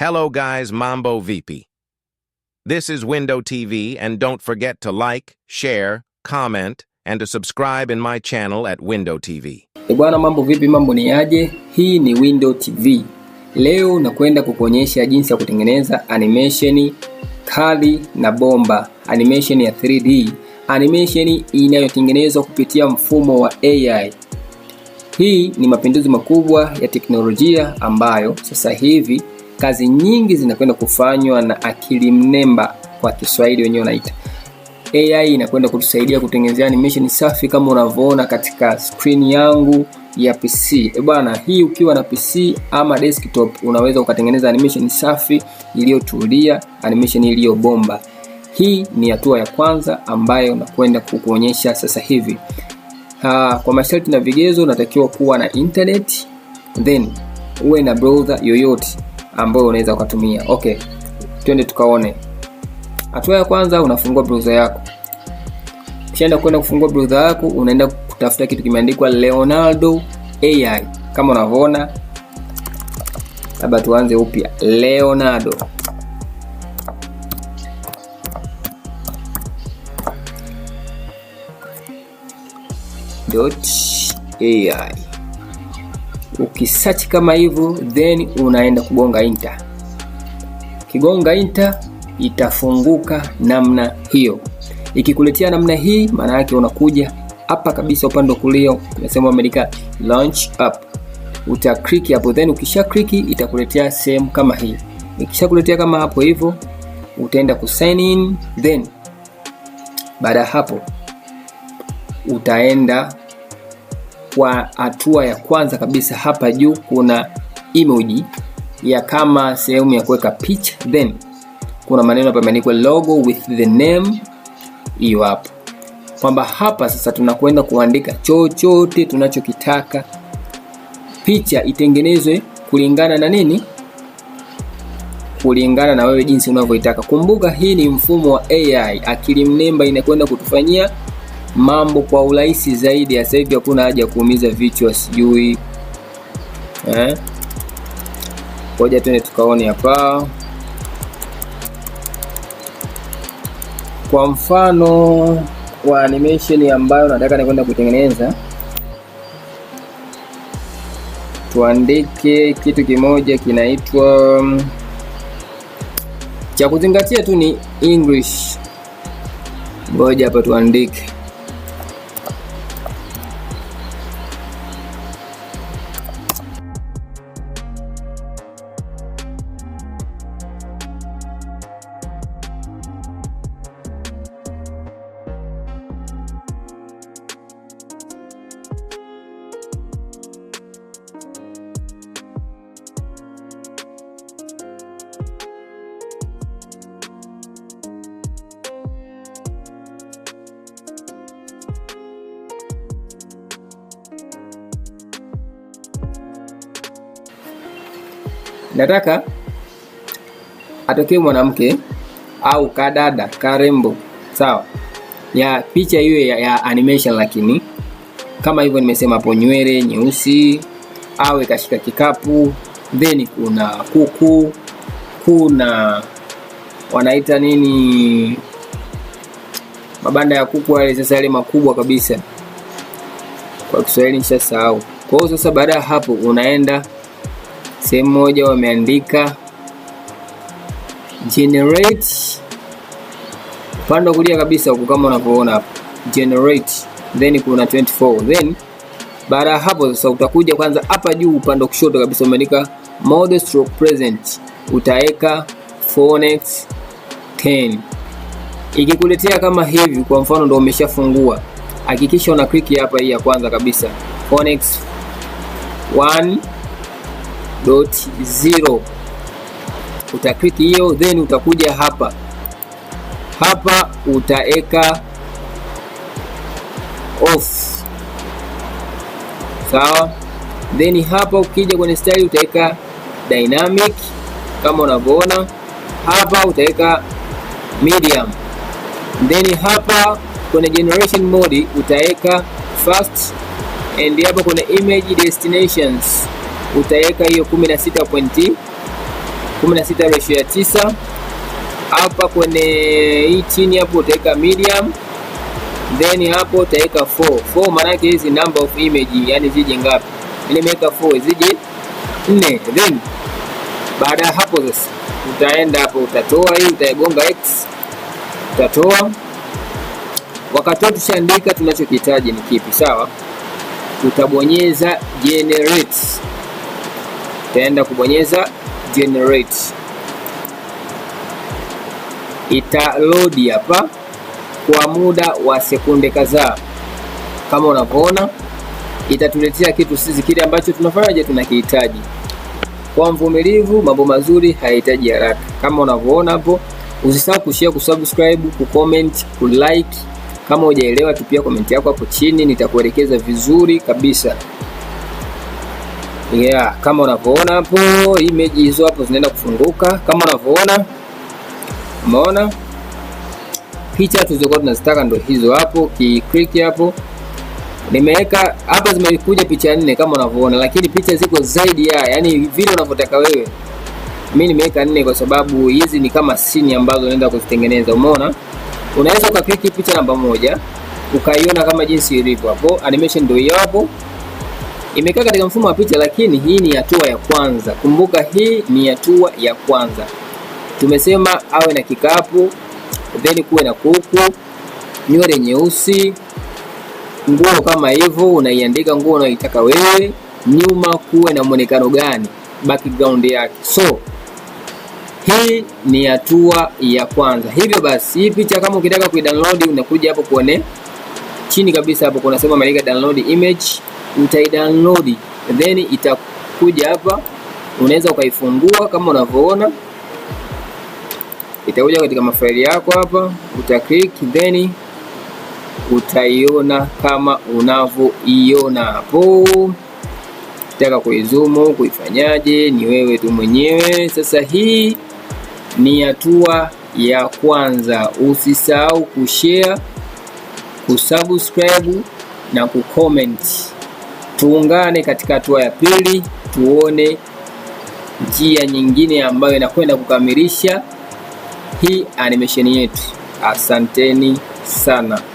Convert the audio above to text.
Hello guys, Mambo VP. This is Window TV and don't forget to like, share, comment and to subscribe in my channel at Window TV. Eh, bwana, mambo vipi? Mambo ni aje? Hii ni Window TV. Leo nakwenda kukuonyesha jinsi ya kutengeneza animation kali na bomba, animation ya 3D, animation inayotengenezwa kupitia mfumo wa AI. Hii ni mapinduzi makubwa ya teknolojia ambayo sasa hivi kazi nyingi zinakwenda kufanywa na akili mnemba kwa Kiswahili wenyewe wanaita AI inakwenda kutusaidia kutengenezea animation safi kama unavyoona katika screen yangu ya PC. E bwana, hii ukiwa na PC ama desktop unaweza ukatengeneza animation safi iliyotulia, animation iliyobomba. Hii ni hatua ya kwanza ambayo nakwenda kukuonyesha sasa hivi. Ha, kwa masharti na vigezo unatakiwa kuwa na internet then uwe na browser yoyote ambayo unaweza ukatumia. Okay, twende tukaone. Hatua ya kwanza unafungua browser yako, kishaenda kwenda kufungua browser yako, unaenda kutafuta kitu kimeandikwa Leonardo AI kama unavyoona, labda tuanze upya Leonardo dot AI ukisearch kama hivyo, then unaenda kugonga enter. Kigonga enter itafunguka namna hiyo. Ikikuletea namna hii, maana yake unakuja hapa kabisa upande wa kulia unasema America launch app, uta click hapo, then ukisha click itakuletea sehemu kama hii. Ikishakuletea kama hapo hivyo, utaenda ku sign in, then baada hapo utaenda kwa hatua ya kwanza kabisa hapa juu kuna emoji ya kama sehemu ya kuweka picha, then kuna maneno hapa yameandikwa logo with the name hiyo hapo, kwamba hapa sasa tunakwenda kuandika chochote tunachokitaka picha itengenezwe kulingana na nini? Kulingana na wewe jinsi unavyoitaka. Kumbuka hii ni mfumo wa AI, akili mnemba inakwenda kutufanyia mambo kwa urahisi zaidi. Sasa hivi hakuna haja ya kuumiza vichwa sijui eh? Ngoja tuende tukaone hapa. Kwa mfano wa animation ambayo nataka nikwenda kutengeneza, tuandike kitu kimoja kinaitwa, cha kuzingatia tu ni English. Ngoja hapa tuandike nataka atokee mwanamke au kadada karembo, sawa, ya picha hiyo ya, ya animation, lakini kama hivyo nimesema hapo, nywele nyeusi, awe kashika kikapu, then kuna kuku, kuna wanaita nini, mabanda ya kuku yale, sasa yale makubwa kabisa, kwa Kiswahili nishasahau. Kwa hiyo sasa, baada ya hapo unaenda Sehemu moja wameandika generate, upande wa kulia kabisa huku kama unavyoona hapo generate, then kuna 24 then baada ya hapo sasa, utakuja kwanza hapa juu upande wa kushoto kabisa umeandika mode stroke present, utaweka Phoenix 10. Ikikuletea kama hivi, kwa mfano ndio umeshafungua, hakikisha una click hapa, hii ya kwanza kabisa Phoenix 1 0 utaklik hiyo, then utakuja hapa hapa utaeka off sawa. Then hapa ukija kwenye style utaweka dynamic kama unavyoona hapa, utaweka medium, then hapa kwenye generation mode utaweka fast, and hapa kwenye image destinations utaweka hiyo 16 point 16 ratio ya 9. Hapa kwenye hii chini hapo utaweka medium, then hapo utaweka 4. 4 maana yake hizi number of image, yani zije ngapi? Yaani nimeweka 4 zije 4, then baada ya hapo sasa utaenda hapo utatoa hii, utaigonga x, utatoa wakati tushaandika tunachokihitaji ni kipi, sawa? Tutabonyeza generate taenda kubonyeza generate, italodi hapa kwa muda wa sekunde kadhaa. Kama unavyoona, itatuletea kitu sisi kile ambacho tunafanyaje, tunakihitaji. Kwa mvumilivu, mambo mazuri hayahitaji haraka. Kama unavyoona hapo, usisahau kushare, kusubscribe, kucomment, kulike. Kama hujaelewa, tupia komenti yako hapo chini, nitakuelekeza vizuri kabisa yeah, kama unavyoona hapo, image hizo hapo zinaenda kufunguka kama unavyoona. Umeona picha tulizokuwa tunazitaka ndo hizo hapo, ki click hapo nimeweka hapa, zimekuja picha nne kama unavyoona, lakini picha ziko zaidi ya yani vile unavyotaka wewe. Mimi nimeweka nne kwa sababu hizi ni kama scene ambazo naenda kuzitengeneza. Umeona, unaweza ukaklik picha namba moja ukaiona kama jinsi ilivyo hapo, animation ndio hiyo hapo imekaa katika mfumo wa picha, lakini hii ni hatua ya kwanza. Kumbuka hii ni hatua ya kwanza. Tumesema awe na kikapu, then kuwe na kuku, nywele nyeusi, nguo kama hivyo, unaiandika nguo unayoitaka wewe, nyuma kuwe na mwonekano gani, background yake. So hii ni hatua ya kwanza. Hivyo basi, hii picha kama ukitaka kuidownload, unakuja hapo kuone chini kabisa, hapo kunasema download image utaidownload then itakuja hapa, unaweza ukaifungua kama unavyoona, itakuja katika mafaili yako hapa, uta click then utaiona kama unavyoiona hapo. Ukitaka kuizumu kuifanyaje, ni wewe tu mwenyewe. Sasa hii ni hatua ya kwanza. Usisahau kushare, kusubscribe na kucomment. Tuungane katika hatua ya pili, tuone njia nyingine ambayo inakwenda kukamilisha hii animation yetu. Asanteni sana.